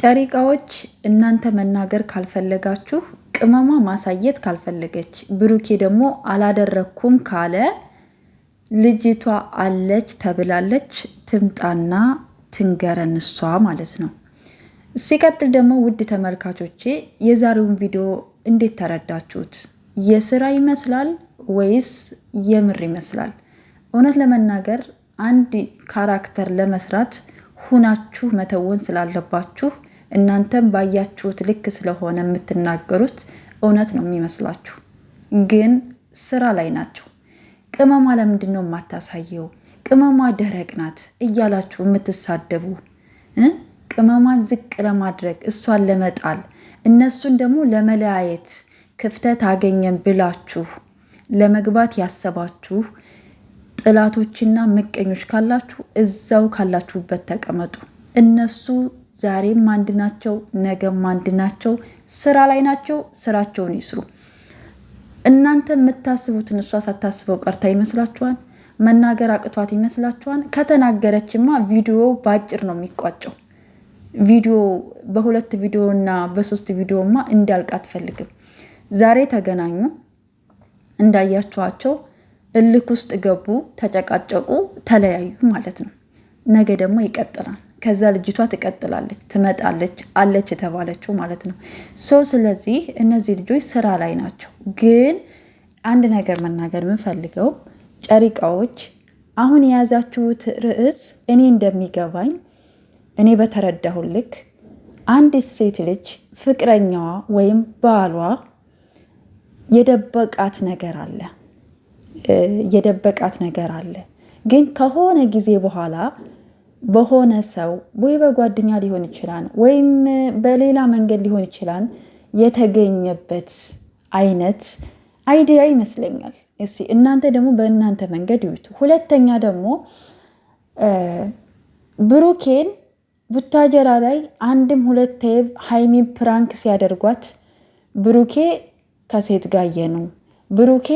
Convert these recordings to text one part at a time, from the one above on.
ጨሪቃዎች እናንተ መናገር ካልፈለጋችሁ፣ ቅመሟ ማሳየት ካልፈለገች፣ ብሩኬ ደግሞ አላደረግኩም ካለ ልጅቷ አለች ተብላለች። ትምጣና ትንገረን እሷ ማለት ነው። ሲቀጥል ደግሞ ውድ ተመልካቾቼ የዛሬውን ቪዲዮ እንዴት ተረዳችሁት? የስራ ይመስላል ወይስ የምር ይመስላል? እውነት ለመናገር አንድ ካራክተር ለመስራት ሁናችሁ መተወን ስላለባችሁ እናንተም ባያችሁት ልክ ስለሆነ የምትናገሩት እውነት ነው የሚመስላችሁ፣ ግን ስራ ላይ ናቸው። ቅመማ ለምንድን ነው የማታሳየው? ቅመማ ደረቅ ናት እያላችሁ የምትሳደቡ ቅመማን ዝቅ ለማድረግ እሷን ለመጣል እነሱን ደግሞ ለመለያየት ክፍተት አገኘን ብላችሁ ለመግባት ያሰባችሁ ጥላቶችና ምቀኞች ካላችሁ እዛው ካላችሁበት ተቀመጡ። እነሱ ዛሬም አንድ ናቸው፣ ነገም አንድ ናቸው። ስራ ላይ ናቸው። ስራቸውን ይስሩ። እናንተ የምታስቡትን እሷ ሳታስበው ቀርታ ይመስላችኋል? መናገር አቅቷት ይመስላችኋል? ከተናገረችማ ቪዲዮ በአጭር ነው የሚቋጨው። ቪዲዮ በሁለት ቪዲዮ እና በሶስት ቪዲዮማ እንዳልቅ አትፈልግም። ዛሬ ተገናኙ፣ እንዳያችኋቸው እልክ ውስጥ ገቡ፣ ተጨቃጨቁ፣ ተለያዩ ማለት ነው። ነገ ደግሞ ይቀጥላል። ከዛ ልጅቷ ትቀጥላለች ትመጣለች አለች የተባለችው ማለት ነው። ሶ ስለዚህ እነዚህ ልጆች ስራ ላይ ናቸው። ግን አንድ ነገር መናገር የምንፈልገው ጨሪቃዎች፣ አሁን የያዛችሁት ርዕስ እኔ እንደሚገባኝ እኔ በተረዳሁ ልክ አንዲት ሴት ልጅ ፍቅረኛዋ ወይም ባሏ የደበቃት ነገር አለ የደበቃት ነገር አለ ግን ከሆነ ጊዜ በኋላ በሆነ ሰው ወይ በጓደኛ ሊሆን ይችላል፣ ወይም በሌላ መንገድ ሊሆን ይችላል የተገኘበት አይነት አይዲያ ይመስለኛል። እስኪ እናንተ ደግሞ በእናንተ መንገድ ይዩት። ሁለተኛ ደግሞ ብሩኬን ቡታጀራ ላይ አንድም ሁለት ሀይሚ ፕራንክ ሲያደርጓት ብሩኬ ከሴት ጋየ ነው፣ ብሩኬ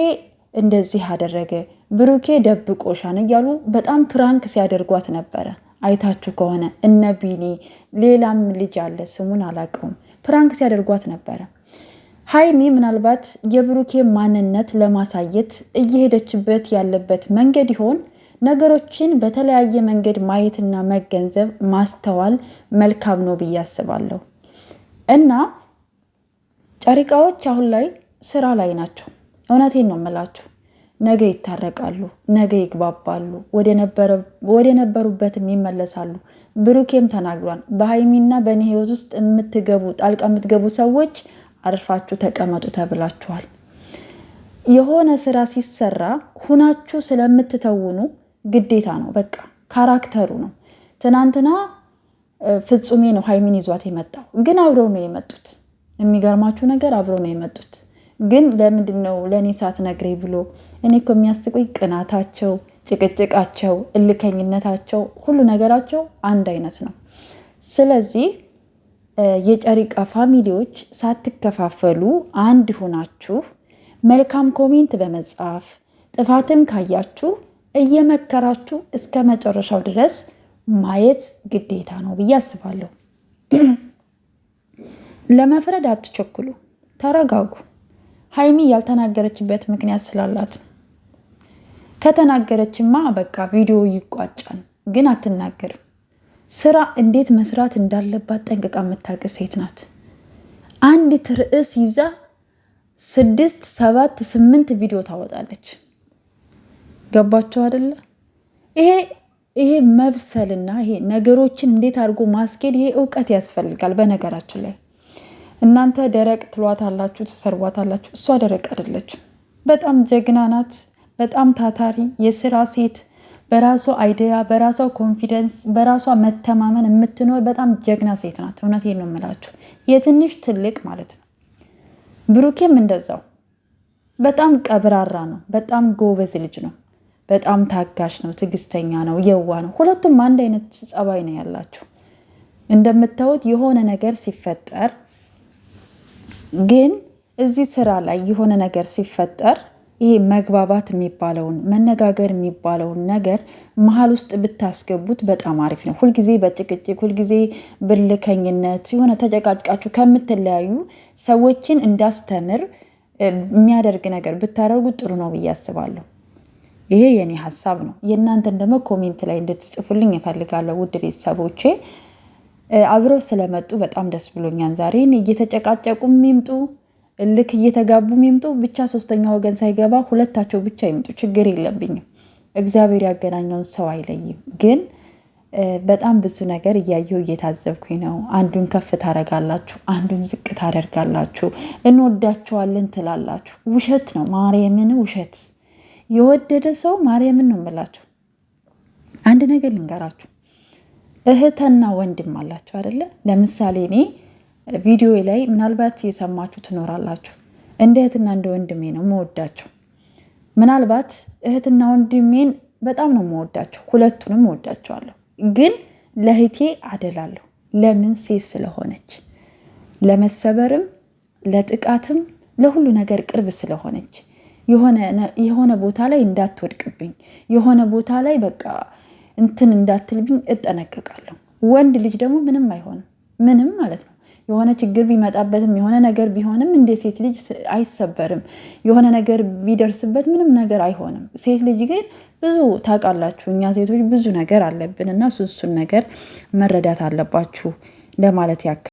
እንደዚህ አደረገ፣ ብሩኬ ደብቆሻን እያሉ በጣም ፕራንክ ሲያደርጓት ነበረ። አይታችሁ ከሆነ እነ ቢኒ ሌላም ልጅ አለ፣ ስሙን አላውቀውም። ፕራንክ ሲያደርጓት ነበረ። ሀይሚ ምናልባት የብሩኬ ማንነት ለማሳየት እየሄደችበት ያለበት መንገድ ይሆን? ነገሮችን በተለያየ መንገድ ማየትና መገንዘብ ማስተዋል መልካም ነው ብዬ አስባለሁ። እና ጨሪቃዎች አሁን ላይ ስራ ላይ ናቸው። እውነቴን ነው የምላችሁ። ነገ ይታረቃሉ፣ ነገ ይግባባሉ፣ ወደ ነበሩበትም ይመለሳሉ። ብሩኬም ተናግሯል። በሀይሚና በእኔ ህይወት ውስጥ የምትገቡ ጣልቃ የምትገቡ ሰዎች አርፋችሁ ተቀመጡ ተብላችኋል። የሆነ ስራ ሲሰራ ሁናችሁ ስለምትተውኑ ግዴታ ነው። በቃ ካራክተሩ ነው። ትናንትና ፍጹሜ ነው ሀይሚን ይዟት የመጣው ግን አብረው ነው የመጡት። የሚገርማችሁ ነገር አብረው ነው የመጡት ግን ለምንድን ነው ለእኔ ሳትነግሬ ብሎ እኔ እኮ የሚያስቁኝ ቅናታቸው፣ ጭቅጭቃቸው፣ እልከኝነታቸው፣ ሁሉ ነገራቸው አንድ አይነት ነው። ስለዚህ የጨሪቃ ፋሚሊዎች ሳትከፋፈሉ አንድ ሆናችሁ መልካም ኮሜንት በመጻፍ ጥፋትም ካያችሁ እየመከራችሁ እስከ መጨረሻው ድረስ ማየት ግዴታ ነው ብዬ አስባለሁ። ለመፍረድ አትቸኩሉ፣ ተረጋጉ። ሀይሚ ያልተናገረችበት ምክንያት ስላላት ነው። ከተናገረችማ በቃ ቪዲዮ ይቋጫል። ግን አትናገርም። ስራ እንዴት መስራት እንዳለባት ጠንቅቃ የምታውቅ ሴት ናት። አንዲት ርዕስ ይዛ ስድስት ሰባት ስምንት ቪዲዮ ታወጣለች። ገባቸው አደለ ይሄ ይሄ መብሰልና ይሄ ነገሮችን እንዴት አድርጎ ማስኬድ ይሄ እውቀት ያስፈልጋል። በነገራችን ላይ እናንተ ደረቅ ትሏት አላችሁ፣ ትሰርቧት አላችሁ። እሷ ደረቅ አደለችም። በጣም ጀግና ናት። በጣም ታታሪ የስራ ሴት፣ በራሷ አይዲያ፣ በራሷ ኮንፊደንስ፣ በራሷ መተማመን የምትኖር በጣም ጀግና ሴት ናት። እውነቴን ነው የምላችሁ፣ የትንሽ ትልቅ ማለት ነው። ብሩኬም እንደዛው በጣም ቀብራራ ነው። በጣም ጎበዝ ልጅ ነው። በጣም ታጋሽ ነው። ትዕግስተኛ ነው። የዋ ነው። ሁለቱም አንድ አይነት ጸባይ ነው ያላቸው። እንደምታዩት የሆነ ነገር ሲፈጠር ግን እዚህ ስራ ላይ የሆነ ነገር ሲፈጠር ይህ መግባባት የሚባለውን መነጋገር የሚባለውን ነገር መሀል ውስጥ ብታስገቡት በጣም አሪፍ ነው። ሁልጊዜ በጭቅጭቅ ሁልጊዜ ብልከኝነት የሆነ ተጨቃጭቃችሁ ከምትለያዩ ሰዎችን እንዳስተምር የሚያደርግ ነገር ብታደርጉ ጥሩ ነው ብዬ አስባለሁ። ይሄ የኔ ሀሳብ ነው። የእናንተን ደግሞ ኮሜንት ላይ እንድትጽፉልኝ እፈልጋለሁ። ውድ ቤተሰቦቼ አብረው ስለመጡ በጣም ደስ ብሎኛል። ዛሬ እየተጨቃጨቁ የሚምጡ ልክ እየተጋቡ ይምጡ ብቻ ሶስተኛ ወገን ሳይገባ ሁለታቸው ብቻ ይምጡ፣ ችግር የለብኝም። እግዚአብሔር ያገናኘውን ሰው አይለይም። ግን በጣም ብዙ ነገር እያየው እየታዘብኩኝ ነው። አንዱን ከፍ ታደርጋላችሁ፣ አንዱን ዝቅ ታደርጋላችሁ፣ እንወዳቸዋለን ትላላችሁ። ውሸት ነው፣ ማርያምን ውሸት። የወደደ ሰው ማርያምን ነው የምላችሁ። አንድ ነገር ልንገራችሁ፣ እህትና ወንድም አላችሁ አይደለ? ለምሳሌ እኔ ቪዲዮ ላይ ምናልባት የሰማችሁ ትኖራላችሁ። እንደ እህትና እንደ ወንድሜ ነው መወዳቸው። ምናልባት እህትና ወንድሜን በጣም ነው መወዳቸው፣ ሁለቱንም መወዳቸዋለሁ። ግን ለእህቴ አደላለሁ። ለምን ሴት ስለሆነች ለመሰበርም፣ ለጥቃትም፣ ለሁሉ ነገር ቅርብ ስለሆነች የሆነ ቦታ ላይ እንዳትወድቅብኝ፣ የሆነ ቦታ ላይ በቃ እንትን እንዳትልብኝ እጠነቀቃለሁ። ወንድ ልጅ ደግሞ ምንም አይሆንም፣ ምንም ማለት ነው የሆነ ችግር ቢመጣበትም የሆነ ነገር ቢሆንም እንደ ሴት ልጅ አይሰበርም። የሆነ ነገር ቢደርስበት ምንም ነገር አይሆንም። ሴት ልጅ ግን ብዙ ታውቃላችሁ፣ እኛ ሴቶች ብዙ ነገር አለብን እና እሱን ነገር መረዳት አለባችሁ ለማለት ያክል